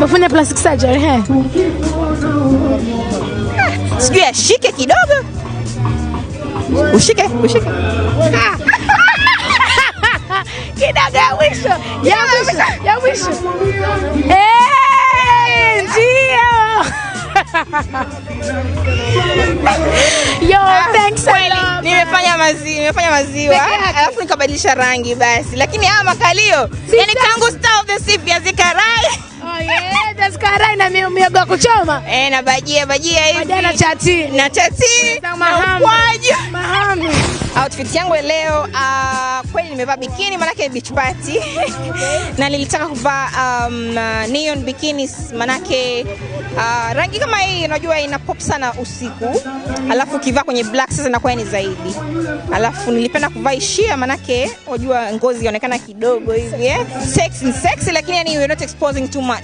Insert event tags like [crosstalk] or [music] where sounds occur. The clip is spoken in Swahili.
Mafunde plastic surgery eh? Sijui ashike kidogo. Ushike, ushike. Ah. [laughs] Kidogo ya mwisho. Ya mwisho, ya mwisho. Eh, ndio. Yo, ah, thanks a lot. Nimefanya maziwa, nimefanya maziwa. Alafu nikabadilisha rangi basi. Lakini haya makalio, yani kangu stop na mihogo ya kuchoma eh, na bajia bajia hivi na chati na chati na mahamu mahamri. Outfit yangu leo uh, kweli nimevaa bikini manake beach party na nilitaka kuvaa um, neon bikini manake uh, rangi kama hii unajua ina pop sana usiku, alafu ukivaa kwenye black sasa inakuwa ni zaidi, alafu nilipenda kuvaa sheer manake unajua ngozi inaonekana kidogo hivi eh, sexy sexy, lakini yani you're not exposing too much